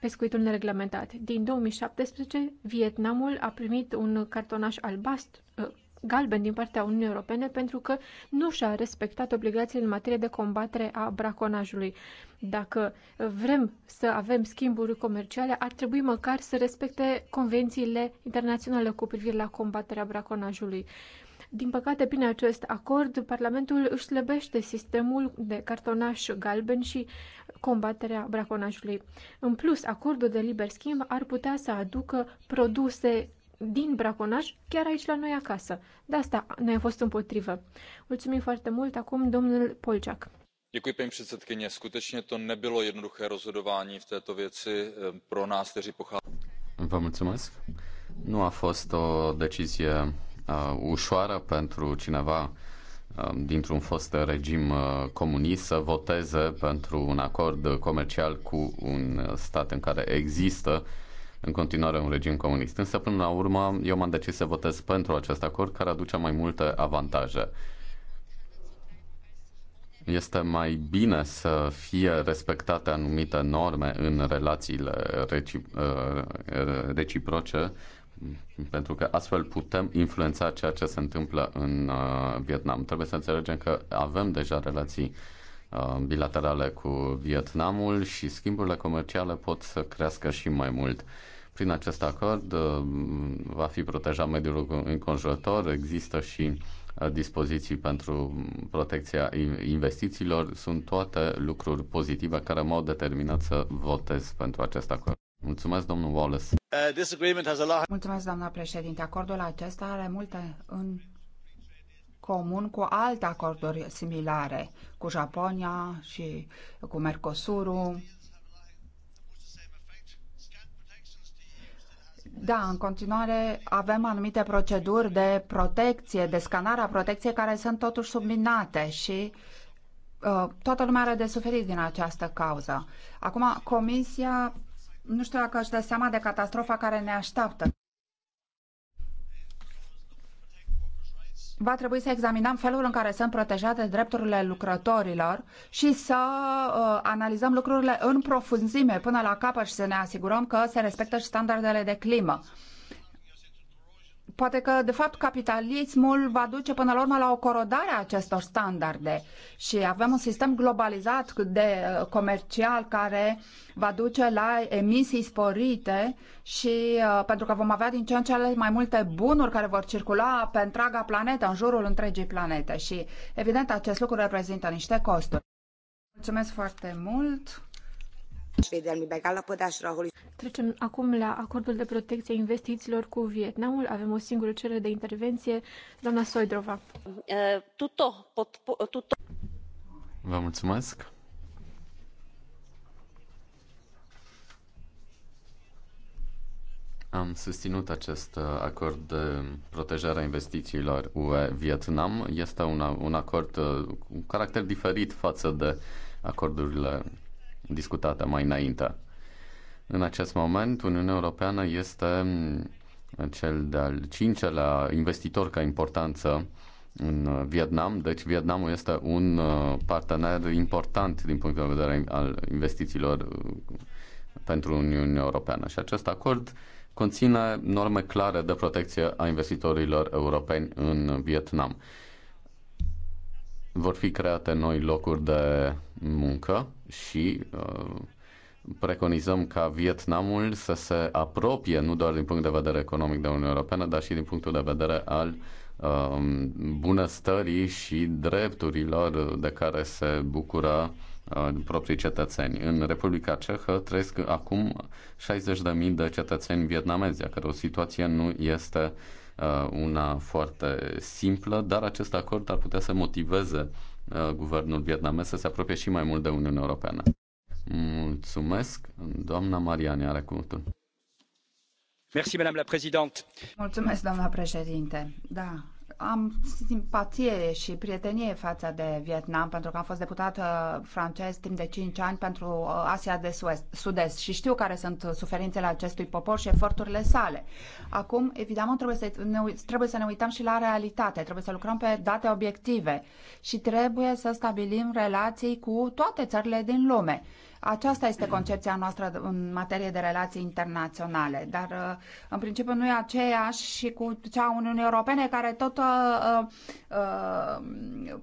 pescuitul nereglementat. Din 2017, Vietnamul a primit un cartonaș albastru, uh, galben din partea Uniunii Europene pentru că nu și-a respectat obligațiile în materie de combatere a braconajului. Dacă vrem să avem schimburi comerciale, ar trebui măcar să respecte convențiile internaționale cu privire la combaterea braconajului. Din păcate, prin acest acord, Parlamentul își slăbește sistemul de cartonaș galben și combaterea braconajului. În plus, acordul de liber schimb ar putea să aducă produse din braconaj chiar aici la noi acasă. De asta ne a fost împotrivă. Mulțumim foarte mult. Acum domnul Polciac. Děkuji, paní předsedkyně. Skutečně to nebylo jednoduché rozhodování v této věci eh, pro nás, kteří pochází. Vám mulțumesc. Nu a fost o decizie uh, ușoară pentru cineva um, dintr-un fost regim uh, comunist să voteze pentru un acord comercial cu un stat în care există în continuare un regim comunist. Însă, până la urmă, eu m-am decis să votez pentru acest acord care aduce mai multe avantaje. Este mai bine să fie respectate anumite norme în relațiile reci- uh, reciproce pentru că astfel putem influența ceea ce se întâmplă în uh, Vietnam. Trebuie să înțelegem că avem deja relații uh, bilaterale cu Vietnamul și schimburile comerciale pot să crească și mai mult. Prin acest acord uh, va fi protejat mediul înconjurător, există și dispoziții pentru protecția investițiilor. Sunt toate lucruri pozitive care m-au determinat să votez pentru acest acord. Mulțumesc, domnul Wallace. Uh, Mulțumesc, doamna președinte. Acordul acesta are multe în comun cu alte acorduri similare, cu Japonia și cu Mercosurul. Da, în continuare avem anumite proceduri de protecție, de scanare a protecției care sunt totuși subminate și uh, toată lumea are de suferit din această cauză. Acum, Comisia nu știu dacă își dă seama de catastrofa care ne așteaptă. va trebui să examinăm felul în care sunt protejate drepturile lucrătorilor și să uh, analizăm lucrurile în profunzime până la capăt și să ne asigurăm că se respectă și standardele de climă. Uh, poate că, de fapt, capitalismul va duce până la urmă la o corodare a acestor standarde și avem un sistem globalizat de uh, comercial care va duce la emisii sporite și uh, pentru că vom avea din ce în ce mai multe bunuri care vor circula pe întreaga planetă, în jurul întregii planete și, evident, acest lucru reprezintă niște costuri. Mulțumesc foarte mult! Trecem acum la acordul de protecție a investițiilor cu Vietnamul. Avem o singură cerere de intervenție. Doamna Soidrova. Vă mulțumesc. Am susținut acest acord de protejare a investițiilor UE-Vietnam. Este un, un acord cu caracter diferit față de acordurile discutată mai înainte. În acest moment, Uniunea Europeană este cel de-al cincelea investitor ca importanță în Vietnam, deci Vietnamul este un uh, partener important din punct de vedere al investițiilor uh, pentru Uniunea Europeană și acest acord conține norme clare de protecție a investitorilor europeni în Vietnam. Vor fi create noi locuri de muncă și uh, preconizăm ca Vietnamul să se apropie nu doar din punct de vedere economic de Uniunea Europeană, dar și din punctul de vedere al um, bunăstării și drepturilor de care se bucură uh, proprii cetățeni. În Republica Cehă trăiesc acum 60.000 de cetățeni vietnamezi, a o situație nu este uh, una foarte simplă, dar acest acord ar putea să motiveze Uh, guvernul vietnamez să se apropie și mai mult de Uniunea Europeană. Mulțumesc. Doamna Mariani are cuvântul. Mulțumesc, doamna președinte. Da, am simpatie și prietenie față de Vietnam pentru că am fost deputat francez timp de 5 ani pentru uh, Asia de Sud-Est și știu care sunt suferințele acestui popor și eforturile sale. Acum, evident, trebuie să, ne, trebuie să ne uităm și la realitate, trebuie să lucrăm pe date obiective și trebuie să stabilim relații cu toate țările din lume aceasta este concepția noastră în materie de relații internaționale, dar uh, în principiu nu e aceeași și cu cea a Uniunii Europene care tot uh, uh,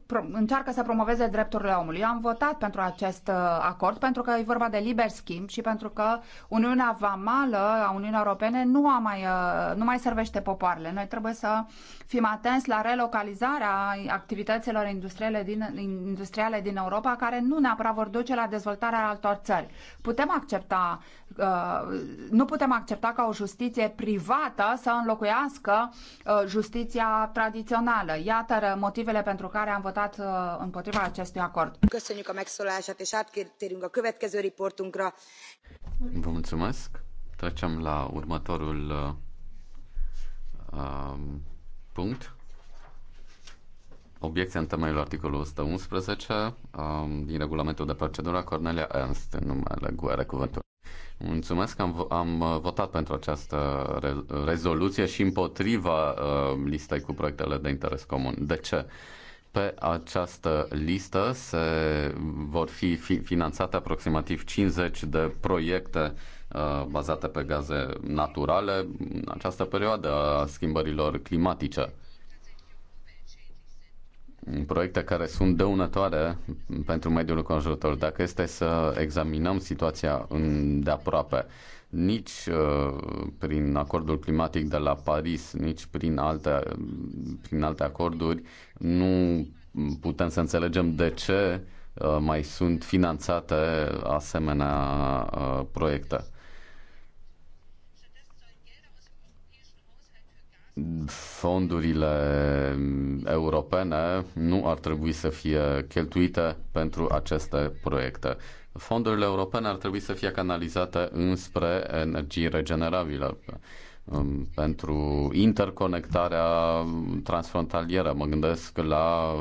pro- încearcă să promoveze drepturile omului. Eu am votat pentru acest uh, acord pentru că e vorba de liber schimb și pentru că Uniunea Vamală a Uniunii Europene nu, a mai, uh, nu mai servește popoarele. Noi trebuie să fim atenți la relocalizarea activităților industriale din, industriale din Europa, care nu neapărat vor duce la dezvoltarea altor țări. Putem accepta, uh, nu putem accepta ca o justiție privată să înlocuiască uh, justiția tradițională. Iată motivele pentru care am votat uh, împotriva acestui acord. Vă mulțumesc. Trecem la următorul uh, um, punct. Obiecția în temeiul articolului 111 um, din regulamentul de procedură Cornelia Ernst în numele Guere Cuvântul. Mulțumesc, am, am uh, votat pentru această re- rezoluție și împotriva uh, listei cu proiectele de interes comun. De ce? Pe această listă se vor fi, fi finanțate aproximativ 50 de proiecte uh, Uh, bazate pe gaze naturale în această perioadă a schimbărilor climatice. Proiecte care sunt dăunătoare pentru mediul conjurător. Dacă este să examinăm situația de aproape, nici uh, prin acordul climatic de la Paris, nici prin alte, prin alte acorduri, nu putem să înțelegem de ce uh, mai sunt finanțate asemenea uh, proiecte. fondurile europene nu ar trebui să fie cheltuite pentru aceste proiecte. Fondurile europene ar trebui să fie canalizate înspre energii regenerabile um, pentru interconectarea transfrontalieră. Mă gândesc la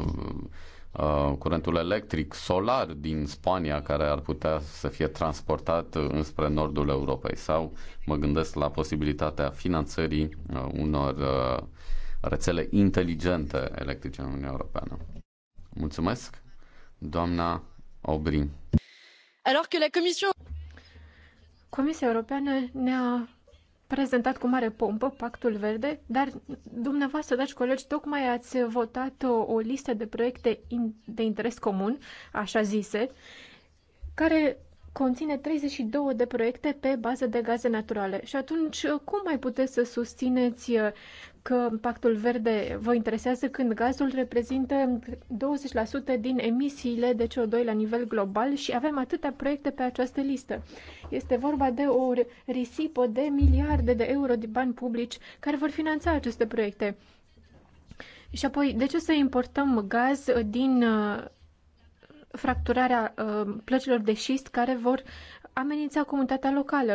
Uh, curentul electric solar din Spania care ar putea să fie transportat uh, înspre nordul Europei sau mă gândesc la posibilitatea finanțării uh, unor rețele inteligente electrice în Uniunea Europeană. Mulțumesc, doamna Aubry. Alors que la Comisia Europeană ne-a prezentat cu mare pompă Pactul Verde, dar dumneavoastră, dragi colegi, tocmai ați votat o, o listă de proiecte in, de interes comun, așa zise, care conține 32 de proiecte pe bază de gaze naturale. Și atunci, cum mai puteți să susțineți uh, că pactul verde vă interesează când gazul reprezintă 20% din emisiile de CO2 la nivel global și avem atâtea proiecte pe această listă? Este vorba de o risipă de miliarde de euro de bani publici care vor finanța aceste proiecte. Și apoi, de ce să importăm gaz din uh, fracturarea uh, plăcilor de șist care vor amenința comunitatea locală.